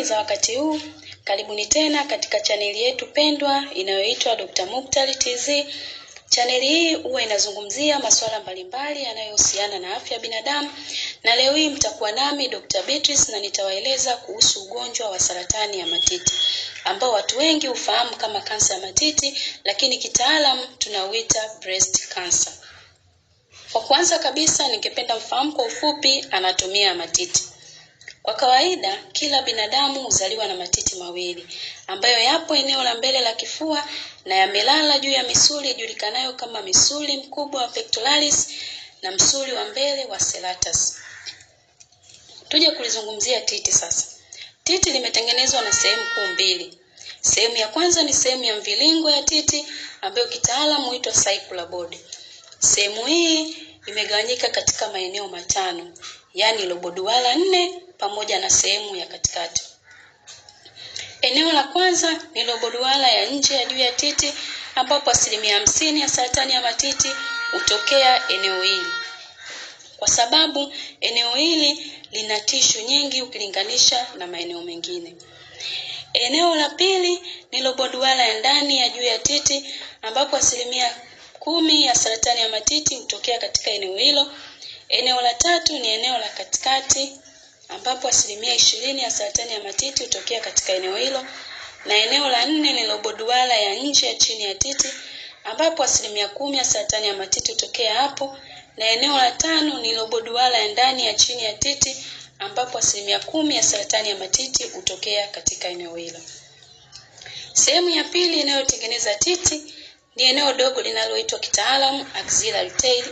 tamaduni za wakati huu karibuni tena katika chaneli yetu pendwa inayoitwa Dr. Mukhtar TZ chaneli hii huwa inazungumzia masuala mbalimbali yanayohusiana na afya ya binadamu na leo hii mtakuwa nami Dr. Beatrice na nitawaeleza kuhusu ugonjwa wa saratani ya matiti ambao watu wengi hufahamu kama kansa ya matiti lakini kitaalamu tunauita breast cancer kwa kwanza kabisa ningependa mfahamu kwa ufupi anatumia matiti kwa kawaida kila binadamu huzaliwa na matiti mawili ambayo yapo eneo la mbele la kifua na yamelala juu ya misuli ijulikanayo kama msuli mkubwa wa pectoralis na msuli wa mbele wa serratus. Tuje kulizungumzia titi sasa. Titi limetengenezwa na sehemu kuu mbili. Sehemu ya kwanza ni sehemu ya mvilingo ya titi ambayo kitaalamu huitwa circular body. Sehemu hii imegawanyika katika maeneo matano, yaani duara nne pamoja na sehemu ya katikati. Eneo la kwanza ni robo duara ya nje ya juu ya titi ambapo asilimia hamsini ya saratani ya matiti hutokea eneo hili, kwa sababu eneo hili lina tishu nyingi ukilinganisha na maeneo mengine. Eneo la pili ni robo duara ya ndani ya juu ya titi ambapo asilimia kumi ya saratani ya matiti hutokea katika eneo hilo. Eneo la tatu ni eneo la katikati ambapo asilimia ishirini ya saratani ya matiti hutokea katika eneo hilo, na eneo la nne ni lobo duara ya nje ya chini ya titi ambapo asilimia kumi ya saratani ya matiti hutokea hapo, na eneo la tano ni lobo duara ya ndani ya chini ya titi ambapo asilimia kumi ya saratani ya matiti hutokea katika eneo hilo. Sehemu ya pili inayotengeneza titi ni eneo dogo linaloitwa kitaalamu axillary tail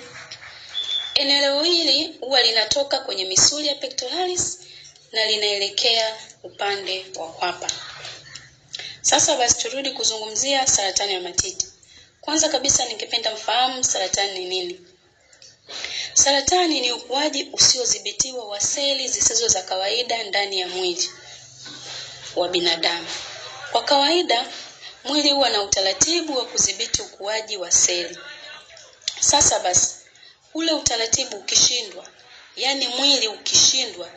Eneo hili huwa linatoka kwenye misuli ya pectoralis na linaelekea upande wa kwapa. Sasa basi turudi kuzungumzia saratani ya matiti. Kwanza kabisa ningependa mfahamu saratani ni nini? Saratani ni ukuaji usiodhibitiwa wa seli zisizo za kawaida ndani ya mwili wa binadamu. Kwa kawaida mwili huwa na utaratibu wa kudhibiti ukuaji wa seli. Sasa basi ule utaratibu ukishindwa, yani mwili ukishindwa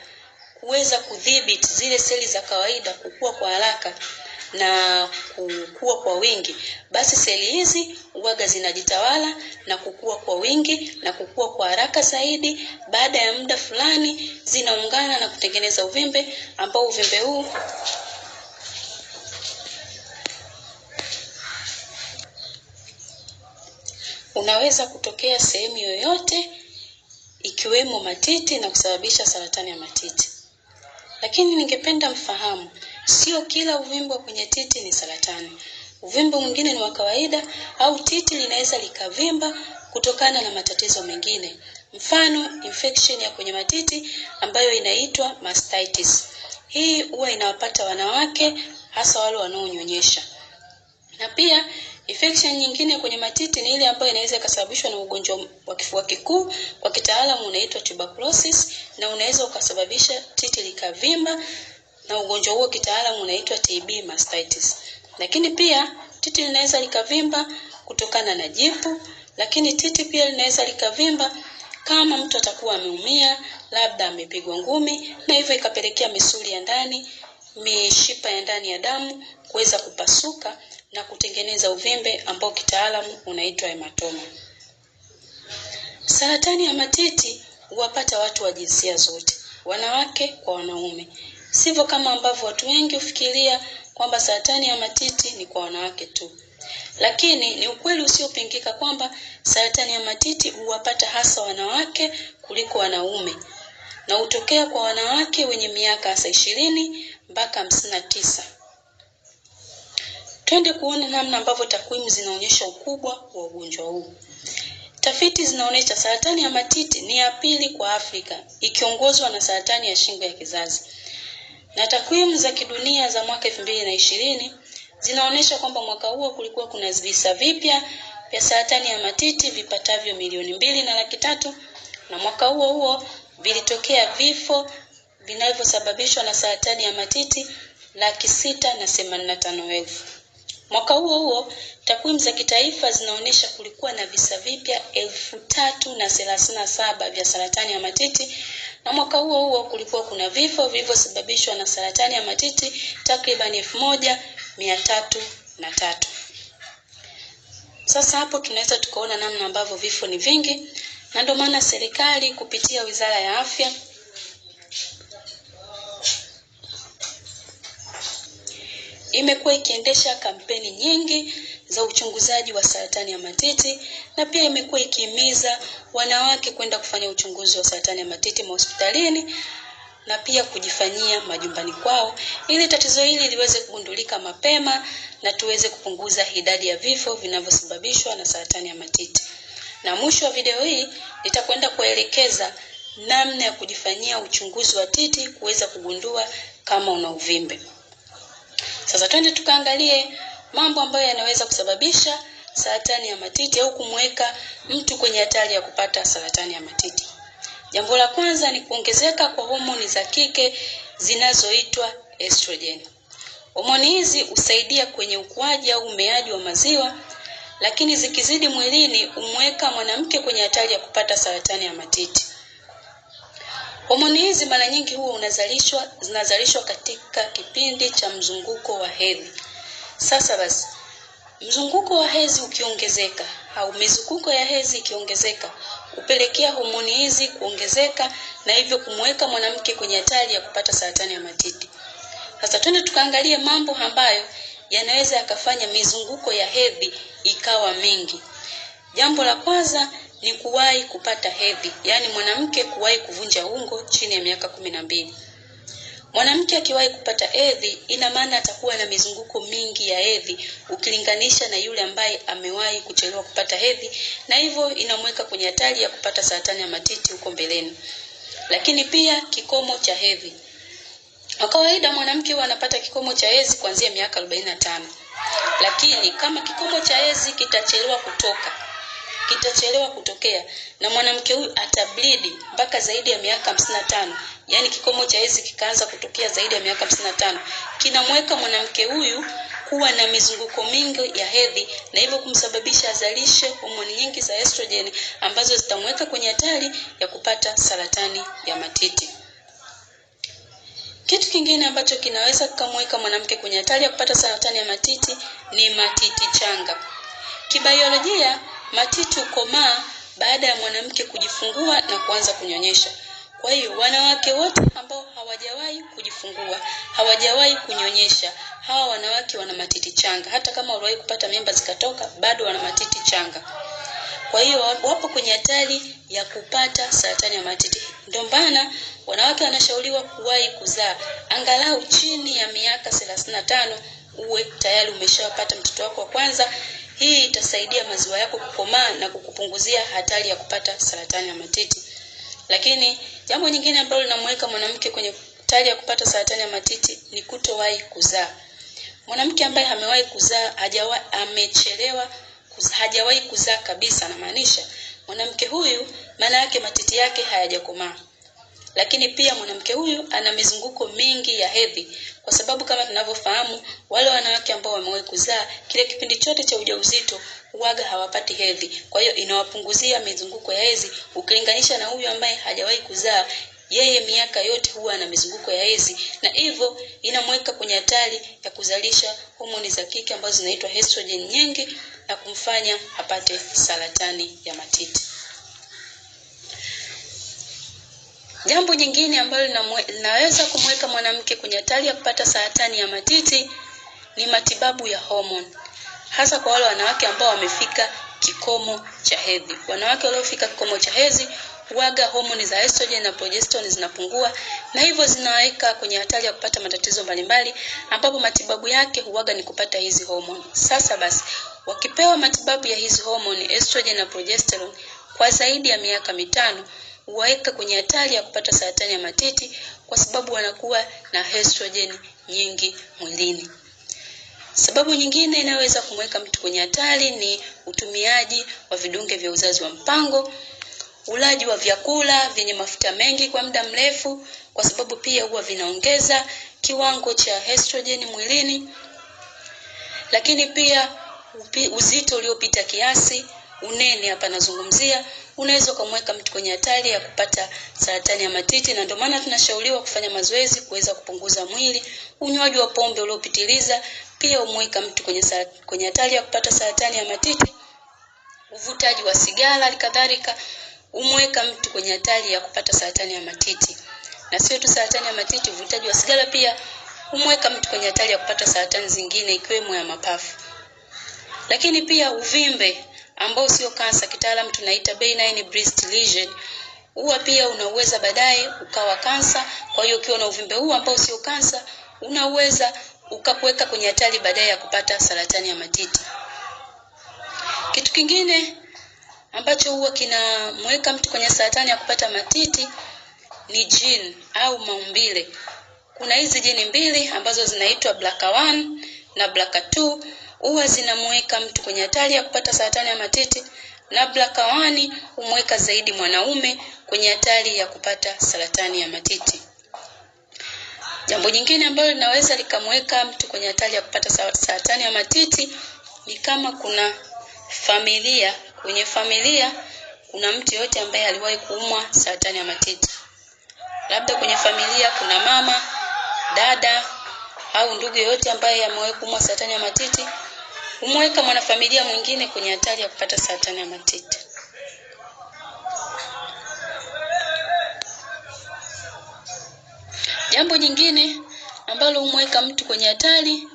kuweza kudhibiti zile seli za kawaida kukua kwa haraka na kukua kwa wingi, basi seli hizi uwaga zinajitawala na kukua kwa wingi na kukua kwa haraka zaidi. Baada ya muda fulani, zinaungana na kutengeneza uvimbe ambao uvimbe huu unaweza kutokea sehemu yoyote ikiwemo matiti na kusababisha saratani ya matiti. Lakini ningependa mfahamu, sio kila uvimbe kwenye titi ni saratani. Uvimbe mwingine ni wa kawaida au titi linaweza likavimba kutokana na matatizo mengine, mfano infection ya kwenye matiti ambayo inaitwa mastitis. Hii huwa inawapata wanawake, hasa wale wanaonyonyesha, na pia Infection nyingine kwenye matiti ni ile ambayo inaweza ikasababishwa na ugonjwa wa kifua kikuu, kwa kitaalamu unaitwa tuberculosis, na unaweza ukasababisha titi likavimba, na ugonjwa huo kitaalamu unaitwa TB mastitis. Lakini pia titi linaweza likavimba kutokana na jipu, lakini titi pia linaweza likavimba kama mtu atakuwa ameumia, labda amepigwa ngumi, na hivyo ikapelekea misuli ya ndani, mishipa ya ndani ya damu kuweza kupasuka na kutengeneza uvimbe ambao kitaalamu unaitwa hematoma. Saratani ya matiti huwapata watu wa jinsia zote, wanawake kwa wanaume, sivyo kama ambavyo watu wengi hufikiria kwamba saratani ya matiti ni kwa wanawake tu, lakini ni ukweli usiopingika kwamba saratani ya matiti huwapata hasa wanawake kuliko wanaume na hutokea kwa wanawake wenye miaka hasa ishirini mpaka hamsini na tisa. Twende kuona namna ambavyo takwimu zinaonyesha ukubwa wa ugonjwa huu. Tafiti zinaonyesha saratani ya matiti ni ya pili kwa Afrika ikiongozwa na saratani ya shingo ya kizazi. Na takwimu za kidunia za mwaka elfu mbili na ishirini zinaonyesha kwamba mwaka huo kulikuwa kuna visa vipya vya saratani ya matiti vipatavyo milioni mbili na laki tatu na mwaka huo huo vilitokea vifo vinavyosababishwa na saratani ya matiti laki sita na themanini na tano elfu. Mwaka huo huo, takwimu za kitaifa zinaonyesha kulikuwa na visa vipya elfu tatu na thelathini na saba vya saratani ya matiti na mwaka huo huo kulikuwa kuna vifo vilivyosababishwa na saratani ya matiti takriban elfu moja mia tatu na tatu. Sasa hapo tunaweza tukaona namna ambavyo vifo ni vingi na ndio maana serikali kupitia Wizara ya Afya Imekuwa ikiendesha kampeni nyingi za uchunguzaji wa saratani ya matiti na pia imekuwa ikihimiza wanawake kwenda kufanya uchunguzi wa saratani ya matiti mahospitalini na pia kujifanyia majumbani kwao ili tatizo hili liweze kugundulika mapema na tuweze kupunguza idadi ya vifo vinavyosababishwa na saratani ya matiti. Na mwisho wa video hii nitakwenda kuelekeza namna ya kujifanyia uchunguzi wa titi kuweza kugundua kama una uvimbe. Sasa twende tukaangalie mambo ambayo yanaweza kusababisha saratani ya matiti au kumweka mtu kwenye hatari ya kupata saratani ya matiti. Jambo la kwanza ni kuongezeka kwa homoni za kike zinazoitwa estrogen. Homoni hizi husaidia kwenye ukuaji au umeaji wa maziwa, lakini zikizidi mwilini humweka mwanamke kwenye hatari ya kupata saratani ya matiti. Homoni hizi mara nyingi huwa unazalishwa zinazalishwa katika kipindi cha mzunguko wa hedhi. Sasa basi, mzunguko wa hedhi ukiongezeka au mizunguko ya hedhi ikiongezeka hupelekea homoni hizi kuongezeka na hivyo kumweka mwanamke kwenye hatari ya kupata saratani ya matiti. Sasa twende tukaangalie mambo ambayo yanaweza yakafanya mizunguko ya hedhi ikawa mingi. Jambo la kwanza ni kuwahi kupata hedhi, yaani mwanamke kuwahi kuvunja ungo chini ya miaka kumi na mbili. Mwanamke akiwahi kupata hedhi, ina maana atakuwa na mizunguko mingi ya hedhi ukilinganisha na yule ambaye amewahi kuchelewa kupata hedhi, na hivyo inamweka kwenye hatari ya kupata saratani ya matiti huko mbeleni. Lakini pia kikomo cha hedhi, kwa kawaida mwanamke huwa anapata kikomo cha hedhi kuanzia miaka 45 lakini kama kikomo cha hedhi kitachelewa kutoka kitachelewa kutokea na mwanamke huyu atablidi mpaka zaidi ya miaka hamsini na tano yaani kikomo cha hedhi kikaanza kutokea zaidi ya miaka hamsini na tano kinamweka mwanamke huyu kuwa na mizunguko mingi ya hedhi na hivyo kumsababisha azalishe homoni nyingi za estrogen ambazo zitamweka kwenye hatari ya kupata saratani ya matiti. Kitu kingine ambacho kinaweza kikamweka mwanamke kwenye hatari ya kupata saratani ya matiti ni matiti changa. Kibiolojia, Matiti hukomaa baada ya mwanamke kujifungua na kuanza kunyonyesha. Kwa hiyo wanawake wote ambao hawajawahi kujifungua, hawajawahi kunyonyesha, hawa wanawake wana matiti changa. Hata kama uliwahi kupata mimba zikatoka, bado wana matiti changa. Kwa hiyo wapo kwenye hatari ya kupata saratani ya matiti. Ndio maana wanawake wanashauriwa kuwahi kuzaa angalau chini ya miaka 35 uwe tayari umeshapata mtoto wako wa kwanza hii itasaidia maziwa yako kukomaa na kukupunguzia hatari ya kupata saratani ya matiti. Lakini jambo nyingine ambalo linamweka mwanamke kwenye hatari ya kupata saratani ya matiti ni kutowahi kuzaa. Mwanamke ambaye amewahi kuzaa hajawa, amechelewa kuzaa, hajawahi kuzaa kabisa, anamaanisha mwanamke huyu maana yake matiti yake hayajakomaa lakini pia mwanamke huyu ana mizunguko mingi ya hedhi kwa sababu kama tunavyofahamu wale wanawake ambao wamewahi kuzaa kile kipindi chote cha ujauzito waga hawapati hedhi kwa hiyo inawapunguzia mizunguko ya hedhi ukilinganisha na huyu ambaye hajawahi kuzaa yeye miaka yote huwa ana mizunguko ya hedhi na hivyo inamweka kwenye hatari ya kuzalisha homoni za kike ambazo zinaitwa estrogen nyingi na kumfanya apate saratani ya matiti Jambo nyingine ambalo linaweza kumweka mwanamke kwenye hatari ya kupata saratani ya matiti ni matibabu ya homoni, hasa kwa wale wanawake ambao wamefika kikomo cha hedhi. Wanawake waliofika kikomo cha hedhi waga homoni za estrogen na progesterone zinapungua, na hivyo zinaweka kwenye hatari ya kupata matatizo mbalimbali, ambapo matibabu yake huaga ni kupata hizi homoni. Sasa basi, wakipewa matibabu ya hizi homoni estrogen na progesterone kwa zaidi ya miaka mitano huwaweka kwenye hatari ya kupata saratani ya matiti kwa sababu wanakuwa na estrogen nyingi mwilini. Sababu nyingine inayoweza kumweka mtu kwenye hatari ni utumiaji wa vidunge vya uzazi wa mpango, ulaji wa vyakula vyenye mafuta mengi kwa muda mrefu, kwa sababu pia huwa vinaongeza kiwango cha estrogen mwilini, lakini pia uzito uliopita kiasi, unene hapa nazungumzia, unaweza ukamweka mtu kwenye hatari ya kupata saratani ya matiti, na ndio maana tunashauriwa kufanya mazoezi kuweza kupunguza mwili. Unywaji wa pombe uliopitiliza pia umweka mtu kwenye sa, kwenye hatari ya kupata saratani ya matiti. Uvutaji wa sigara alikadhalika umweka mtu kwenye hatari ya kupata saratani ya matiti, na sio tu saratani ya matiti, uvutaji wa sigara pia umweka mtu kwenye hatari ya kupata saratani zingine ikiwemo ya mapafu. Lakini pia uvimbe ambao sio kansa, kitaalam tunaita benign breast lesion, huwa pia unaweza baadaye ukawa kansa. Kwa hiyo ukiwa na uvimbe huu ambao sio kansa, unaweza ukakuweka kwenye hatari baadaye ya kupata saratani ya matiti. Kitu kingine ambacho huwa kinamweka mtu kwenye saratani ya kupata matiti ni jini au maumbile. Kuna hizi jini mbili ambazo zinaitwa BRCA1 na BRCA2 huwa zinamweka mtu kwenye hatari ya kupata saratani ya matiti na black one humweka zaidi mwanaume kwenye hatari ya kupata saratani ya matiti. Jambo jingine ambalo linaweza likamweka mtu kwenye hatari ya kupata saratani ya matiti ni kama kuna familia, kwenye familia kuna mtu yoyote ambaye aliwahi kuumwa saratani ya matiti. Labda kwenye familia kuna mama, dada au ndugu yoyote ambaye amewahi kuumwa saratani ya matiti, humweka mwanafamilia mwingine kwenye hatari ya kupata saratani ya matiti. Jambo jingine ambalo humweka mtu kwenye hatari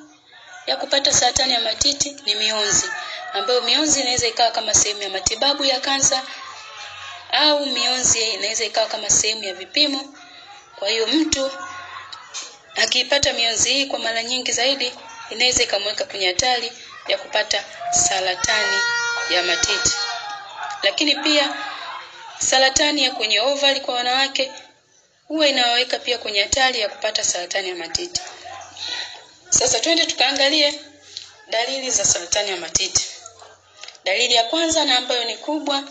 ya kupata saratani ya matiti ni mionzi, ambayo mionzi inaweza ikawa kama sehemu ya matibabu ya kansa au mionzi inaweza ikawa kama sehemu ya vipimo. Kwa hiyo mtu akiipata mionzi hii kwa mara nyingi zaidi inaweza ikamweka kwenye hatari ya kupata saratani ya matiti. Lakini pia saratani ya kwenye ovari kwa wanawake huwa inawaweka pia kwenye hatari ya kupata saratani ya matiti. Sasa twende tukaangalie dalili za saratani ya matiti. Dalili ya kwanza na ambayo ni kubwa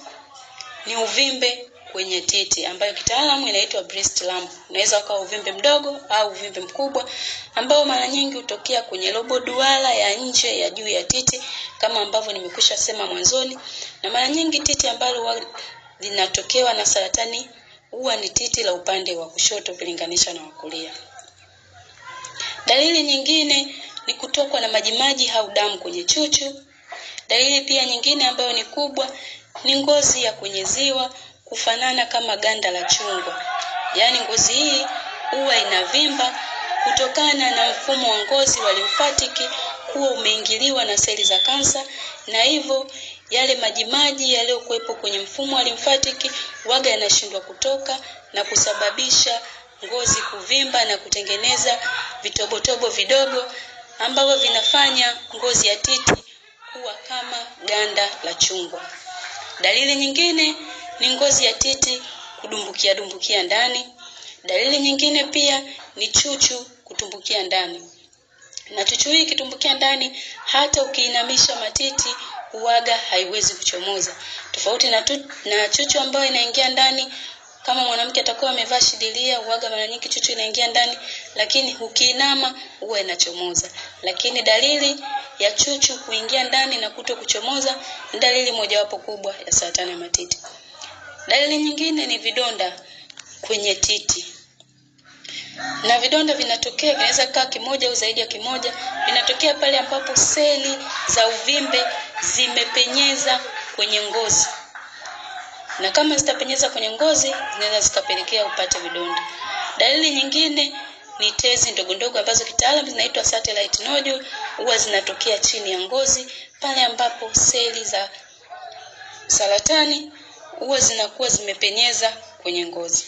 ni uvimbe kwenye titi ambayo kitaalamu inaitwa breast lump. Unaweza ukawa uvimbe mdogo au uvimbe mkubwa ambao mara nyingi hutokea kwenye lobo duara ya nje ya juu ya titi kama ambavyo nimekusha sema mwanzoni, na mara nyingi titi ambalo linatokewa na saratani huwa ni titi la upande wa kushoto kulinganisha na wakulia. Dalili nyingine ni kutokwa na majimaji au damu kwenye chuchu. Dalili pia nyingine ambayo ni kubwa ni ngozi ya kwenye ziwa kufanana kama ganda la chungwa. Yaani ngozi hii huwa inavimba kutokana na mfumo wa ngozi wa limfatiki kuwa umeingiliwa na seli za kansa, na hivyo yale majimaji yaliyokuwepo kwenye mfumo wa limfatiki waga yanashindwa kutoka na kusababisha ngozi kuvimba na kutengeneza vitobotobo vidogo ambavyo vinafanya ngozi ya titi kuwa kama ganda la chungwa. Dalili nyingine ni ngozi ya titi kudumbukia dumbukia ndani. Dalili nyingine pia ni chuchu kutumbukia ndani. Na chuchu hii ikitumbukia ndani, hata ukiinamisha matiti uwaga haiwezi kuchomoza. Tofauti na, tu, na chuchu ambayo inaingia ndani kama mwanamke atakuwa amevaa shidilia uwaga mara nyingi chuchu inaingia ndani, lakini ukiinama huwa inachomoza. Lakini dalili ya chuchu kuingia ndani na kuto kuchomoza ni dalili mojawapo kubwa ya saratani ya matiti. Dalili nyingine ni vidonda kwenye titi na vidonda vinatokea, vinaweza kaa kimoja au zaidi ya kimoja. Vinatokea pale ambapo seli za uvimbe zimepenyeza kwenye ngozi, na kama zitapenyeza kwenye ngozi zinaweza zikapelekea upate vidonda. Dalili nyingine ni tezi ndogo ndogo ambazo kitaalamu zinaitwa satellite nodule, huwa zinatokea chini ya ngozi pale ambapo seli za saratani huwa zinakuwa zimepenyeza kwenye ngozi.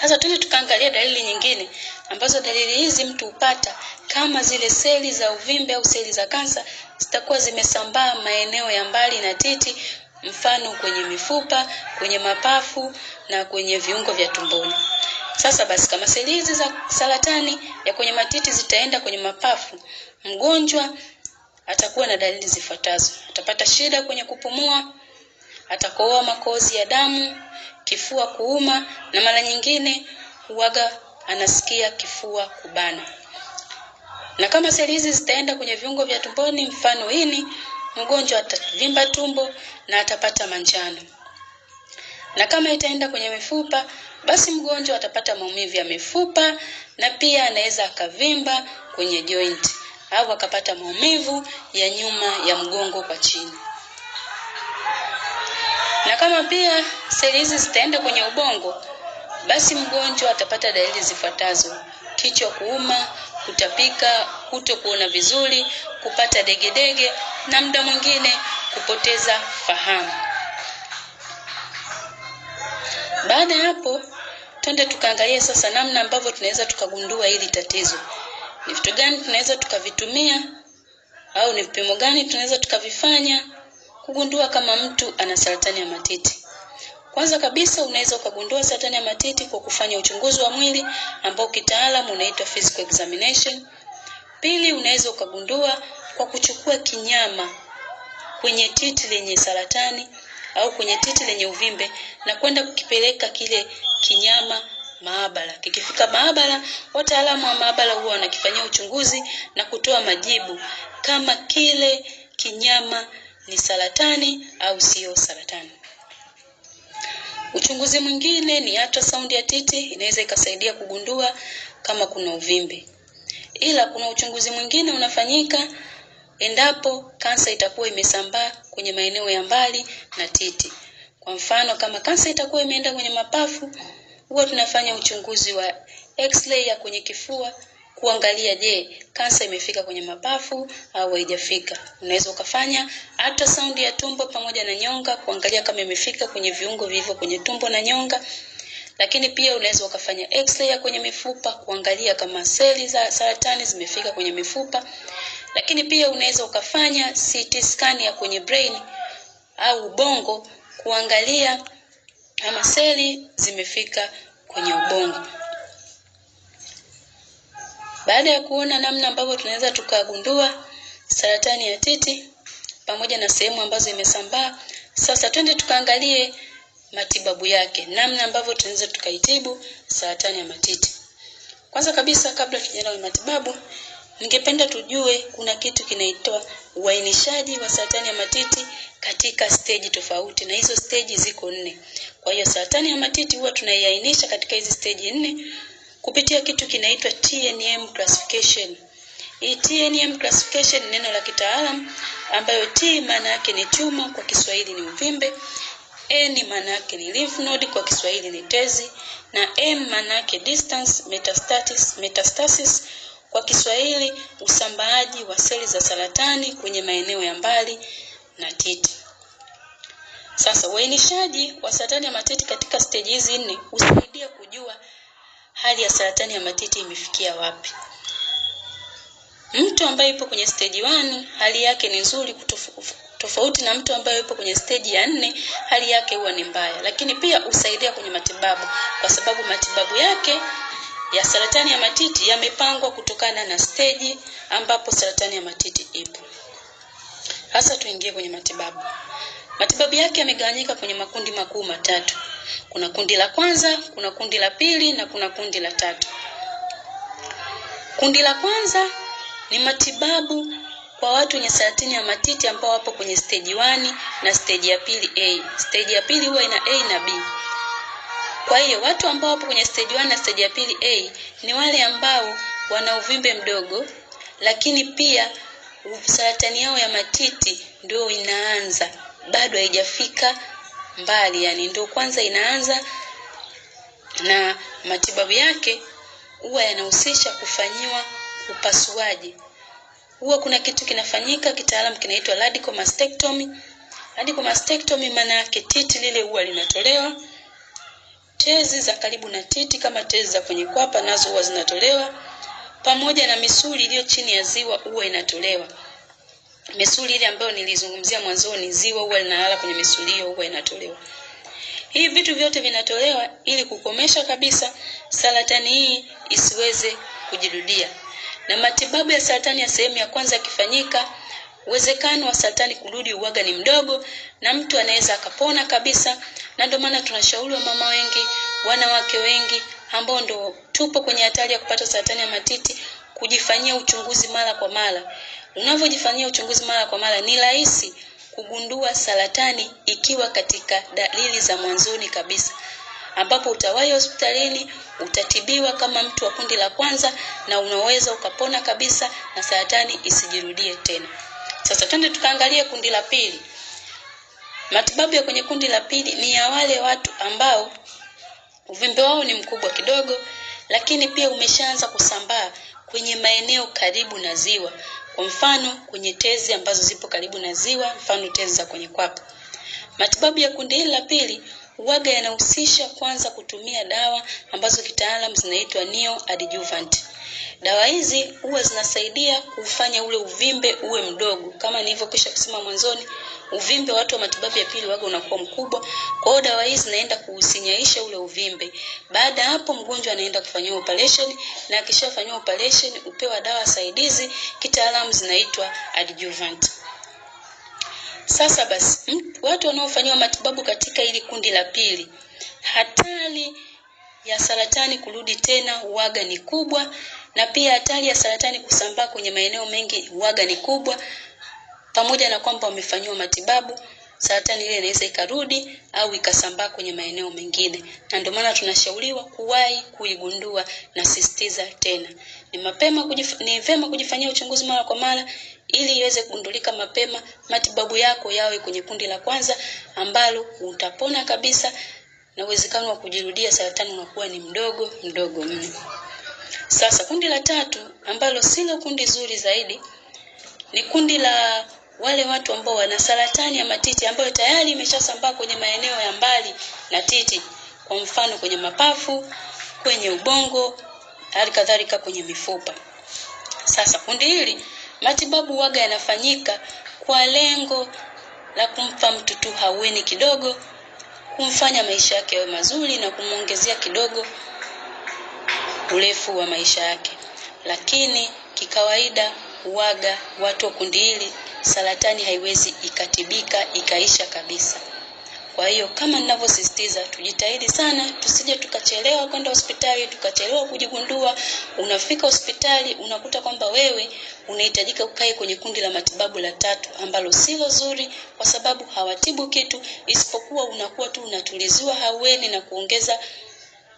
Sasa tuje tukaangalia dalili nyingine ambazo dalili hizi mtu hupata kama zile seli za uvimbe au seli za kansa zitakuwa zimesambaa maeneo ya mbali na titi, mfano kwenye mifupa, kwenye mapafu na kwenye viungo vya tumboni. Sasa basi, kama seli hizi za saratani ya kwenye matiti zitaenda kwenye mapafu, mgonjwa atakuwa na dalili zifuatazo: atapata shida kwenye kupumua, atakohoa makozi ya damu, kifua kuuma na mara nyingine huaga anasikia kifua kubana. Na kama seli hizi zitaenda kwenye viungo vya tumboni, mfano ini, mgonjwa atavimba tumbo na atapata manjano. Na kama itaenda kwenye mifupa, basi mgonjwa atapata maumivu ya mifupa na pia anaweza akavimba kwenye joint au akapata maumivu ya nyuma ya mgongo kwa chini. Na kama pia seli hizi zitaenda kwenye ubongo, basi mgonjwa atapata dalili zifuatazo: kichwa kuuma, kutapika, kuto kuona vizuri, kupata degedege na muda mwingine kupoteza fahamu. Baada ya hapo, twende tukaangalia sasa namna ambavyo tunaweza tukagundua hili tatizo. Ni vitu gani tunaweza tukavitumia au ni vipimo gani tunaweza tukavifanya Kugundua kama mtu ana saratani ya matiti. Kwanza kabisa unaweza ukagundua saratani ya matiti kwa kufanya uchunguzi wa mwili ambao kitaalamu unaitwa physical examination. Pili, unaweza ukagundua kwa kuchukua kinyama kwenye titi lenye saratani au kwenye titi lenye uvimbe na kwenda kukipeleka kile kinyama maabara. Kikifika maabara, wataalamu wa maabara huwa wanakifanyia uchunguzi na kutoa majibu kama kile kinyama ni saratani au sio saratani. Uchunguzi mwingine ni ultrasound ya titi, inaweza ikasaidia kugundua kama kuna uvimbe, ila kuna uchunguzi mwingine unafanyika endapo kansa itakuwa imesambaa kwenye maeneo ya mbali na titi. Kwa mfano, kama kansa itakuwa imeenda kwenye mapafu, huwa tunafanya uchunguzi wa x-ray ya kwenye kifua kuangalia, je, kansa imefika kwenye mapafu au haijafika. Unaweza ukafanya ultrasound ya tumbo pamoja na nyonga kuangalia kama imefika kwenye viungo vilivyo kwenye tumbo na nyonga lakini pia unaweza ukafanya x-ray ya kwenye mifupa kuangalia kama seli za saratani zimefika kwenye mifupa. Lakini pia unaweza ukafanya CT scan ya kwenye brain au ubongo kuangalia kama seli zimefika kwenye ubongo. Baada ya kuona namna ambavyo tunaweza tukagundua saratani ya titi pamoja na sehemu ambazo imesambaa, sasa twende tukaangalie matibabu yake, namna ambavyo tunaweza tukaitibu saratani ya matiti. Kwanza kabisa, kabla tujaenda kwenye matibabu, ningependa tujue kuna kitu kinaitwa uainishaji wa saratani ya matiti katika stage tofauti, na hizo stage ziko nne. Kwa hiyo saratani ya matiti huwa tunaiainisha katika hizi stage nne kupitia kitu kinaitwa TNM classification. Hii TNM classification ni neno la kitaalam ambayo T maana yake ni tuma, kwa Kiswahili ni uvimbe. N maana yake ni lymph node, kwa Kiswahili ni tezi, na M maana yake distance, metastasis, metastasis kwa Kiswahili usambaaji wa seli za saratani kwenye maeneo ya mbali na titi. Sasa uainishaji wa saratani ya matiti katika steji hizi nne husaidia kujua hali ya saratani ya matiti imefikia wapi. Mtu ambaye yupo kwenye stage 1 hali yake ni nzuri tofauti na mtu ambaye yupo kwenye stage ya nne, hali yake huwa ni mbaya, lakini pia usaidia kwenye matibabu, kwa sababu matibabu yake ya saratani ya matiti yamepangwa kutokana na stage ambapo saratani ya matiti ipo. Sasa tuingie kwenye matibabu. Matibabu yake yamegawanyika kwenye makundi makuu matatu. Kuna kundi la kwanza, kuna kundi la pili na kuna kundi la tatu. Kundi la kwanza ni matibabu kwa watu wenye saratani ya matiti ambao wapo kwenye stage 1 na stage ya pili A. Stage ya pili huwa ina A na B. Kwa hiyo watu ambao wapo kwenye stage 1 na stage ya pili A ni wale ambao wana uvimbe mdogo, lakini pia saratani yao ya matiti ndio inaanza, bado haijafika mbali, yani ndio kwanza inaanza, na matibabu yake huwa yanahusisha kufanyiwa upasuaji. Huwa kuna kitu kinafanyika kitaalamu kinaitwa radical mastectomy. Radical mastectomy maana yake titi lile huwa linatolewa, tezi za karibu na titi kama tezi za kwenye kwapa nazo huwa zinatolewa, pamoja na misuli iliyo chini ya ziwa huwa inatolewa misuli ile ambayo nilizungumzia mwanzoni, ziwa huwa linalala kwenye misuli hiyo, huwa inatolewa. Hivi vitu vyote vinatolewa ili kukomesha kabisa saratani hii isiweze kujirudia. Na matibabu ya saratani ya sehemu ya kwanza yakifanyika, uwezekano wa saratani kurudi uwaga ni mdogo, na mtu anaweza akapona kabisa. Na ndio maana tunashauri wa mama wengi, wanawake wengi ambao ndo tupo kwenye hatari ya kupata saratani ya matiti kujifanyia uchunguzi mara kwa mara. Unavyojifanyia uchunguzi mara kwa mara, ni rahisi kugundua saratani ikiwa katika dalili za mwanzoni kabisa, ambapo utawahi hospitalini, utatibiwa kama mtu wa kundi la kwanza, na unaweza ukapona kabisa na saratani isijirudie tena. Sasa twende tukaangalie kundi la pili. Matibabu ya kwenye kundi la pili ni ya wale watu ambao uvimbe wao ni mkubwa kidogo, lakini pia umeshaanza kusambaa kwenye maeneo karibu na ziwa. Kwa mfano, kwenye tezi ambazo zipo karibu na ziwa, mfano tezi za kwenye kwapa. Matibabu ya kundi hili la pili waga yanahusisha kwanza kutumia dawa ambazo kitaalam zinaitwa adjuvant. Dawa hizi huwa zinasaidia kufanya ule uvimbe uwe mdogo, kama nilivyokwisha kusema mwanzoni, uvimbe watu wa matibabu ya pili waga unakuwa mkubwa. Kwa hiyo dawa hizi zinaenda kuusinyaisha ule uvimbe. Baada ya hapo, mgonjwa anaenda kufanyiwa operation, na akishafanyiwa operation upewa dawa saidizi, kitaalamu zinaitwa adjuvant. Sasa basi, watu wanaofanyiwa matibabu katika hili kundi la pili, hatari ya saratani kurudi tena uwaga ni kubwa, na pia hatari ya saratani kusambaa kwenye maeneo mengi uwaga ni kubwa. Pamoja na kwamba wamefanyiwa matibabu, saratani ile inaweza ikarudi au ikasambaa kwenye maeneo mengine, na ndio maana tunashauriwa kuwahi kuigundua. Nasisitiza tena, ni mapema kujif, ni vema kujifanyia uchunguzi mara kwa mara ili iweze kugundulika mapema, matibabu yako yawe kwenye kundi la kwanza ambalo utapona kabisa na uwezekano wa kujirudia saratani unakuwa ni mdogo mdogo mno. Sasa kundi la tatu ambalo silo kundi zuri zaidi ni kundi la wale watu ambao wana saratani ya matiti ambayo tayari imeshasambaa kwenye maeneo ya mbali na titi, kwa mfano kwenye mapafu, kwenye ubongo, hali kadhalika kwenye mifupa. Sasa kundi hili Matibabu waga yanafanyika kwa lengo la kumpa mtu haweni kidogo, kumfanya maisha yake yawe mazuri na kumwongezea kidogo urefu wa maisha yake. Lakini kikawaida waga watu wa kundi hili saratani haiwezi ikatibika ikaisha kabisa. Kwa hiyo kama ninavyosisitiza, tujitahidi sana, tusije tukachelewa kwenda hospitali, tukachelewa kujigundua. Unafika hospitali unakuta kwamba wewe unahitajika ukae kwenye kundi la matibabu la tatu, ambalo silo zuri, kwa sababu hawatibu kitu isipokuwa unakuwa tu unatuliziwa haueni na kuongeza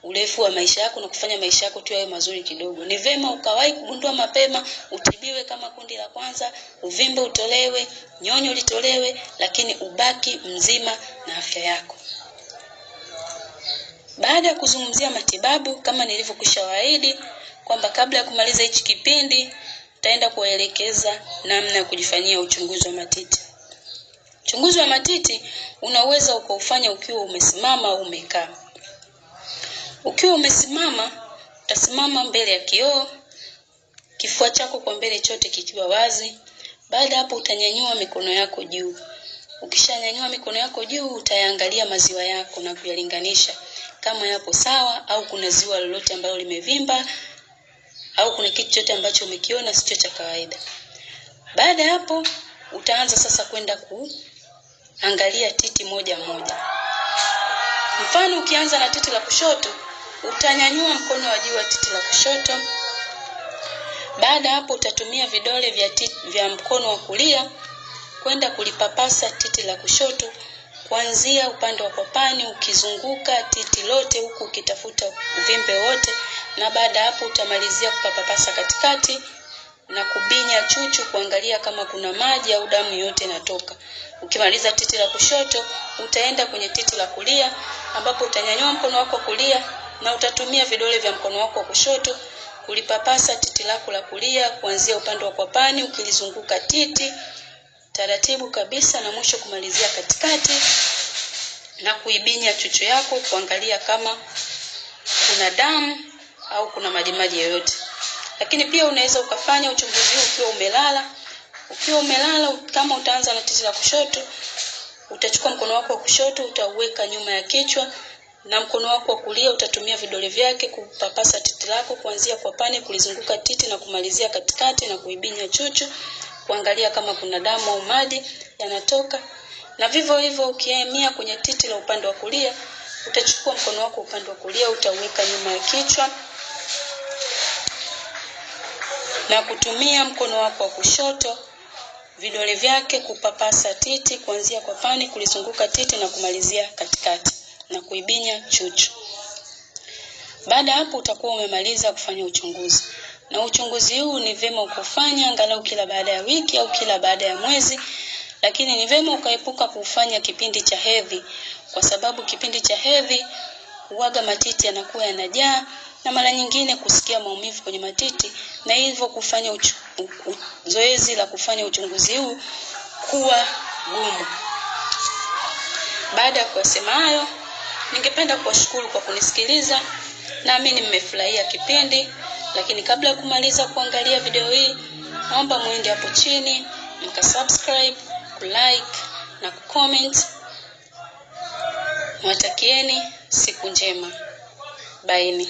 urefu wa maisha yako na kufanya maisha yako tu yawe mazuri kidogo. Ni vema ukawahi kugundua mapema, utibiwe kama kundi la kwanza, uvimbe utolewe, nyonyo litolewe, lakini ubaki mzima na afya yako. Baada ya kuzungumzia matibabu, kama nilivyokwishawaahidi kwamba kabla ya kumaliza hichi kipindi taenda kuwaelekeza namna ya kujifanyia uchunguzi wa matiti. Uchunguzi wa matiti unaweza ukaufanya ukiwa umesimama au umekaa. Ukiwa umesimama, utasimama mbele ya kioo, kifua chako kwa mbele chote kikiwa wazi. Baada hapo, utanyanyua mikono yako juu. Ukishanyanyua mikono yako juu, utayaangalia maziwa yako na kuyalinganisha kama yapo sawa au kuna ziwa lolote ambalo limevimba au kuna kitu chote ambacho umekiona sio cha kawaida. Baada ya hapo, utaanza sasa kwenda kuangalia titi moja moja. Mfano, ukianza na titi la kushoto Utanyanyua mkono wa juu wa titi la kushoto. Baada hapo utatumia vidole vya, titi, vya mkono wa kulia kwenda kulipapasa titi la kushoto kuanzia upande wa kwapani ukizunguka titi lote huku ukitafuta uvimbe wote, na baada hapo utamalizia kupapapasa katikati na kubinya chuchu kuangalia kama kuna maji au damu yote inatoka. Ukimaliza titi la kushoto, utaenda kwenye titi la kulia ambapo utanyanyua mkono wako kulia na utatumia vidole vya mkono wako wa kushoto kulipapasa titi lako la kulia kuanzia upande wa kwapani ukilizunguka titi taratibu kabisa, na mwisho kumalizia katikati na kuibinya chuchu yako kuangalia kama kuna damu au kuna majimaji yoyote. Lakini pia unaweza ukafanya uchunguzi huu ukiwa umelala. Ukiwa umelala, kama utaanza na titi la kushoto, utachukua mkono wako wa kushoto utauweka nyuma ya kichwa na mkono wako wa kulia utatumia vidole vyake kupapasa titi lako kuanzia kwa pane kulizunguka titi na kumalizia katikati na kuibinya chuchu kuangalia kama kuna damu au maji yanatoka. Na vivyo hivyo ukiemia kwenye titi la upande wa kulia, utachukua mkono wako upande wa kulia utauweka nyuma ya kichwa na kutumia mkono wako wa kushoto vidole vyake kupapasa titi kuanzia kwa pane kulizunguka titi na kumalizia katikati na kuibinya chuchu. Baada hapo utakuwa umemaliza kufanya uchunguzi. Na uchunguzi huu ni vema ukufanya angalau kila baada ya wiki au kila baada ya mwezi, lakini ni vema ukaepuka kufanya kipindi cha hedhi, kwa sababu kipindi cha hedhi uaga matiti yanakuwa yanajaa na mara nyingine kusikia maumivu kwenye matiti, na hivyo kufanya zoezi la kufanya uchunguzi huu kuwa gumu. Baada ya kusema hayo Ningependa kuwashukuru kwa kunisikiliza, naamini mmefurahia kipindi, lakini kabla ya kumaliza kuangalia video hii, naomba mwende hapo chini mkasubscribe, kulike na kucomment. Nawatakieni siku njema, baini.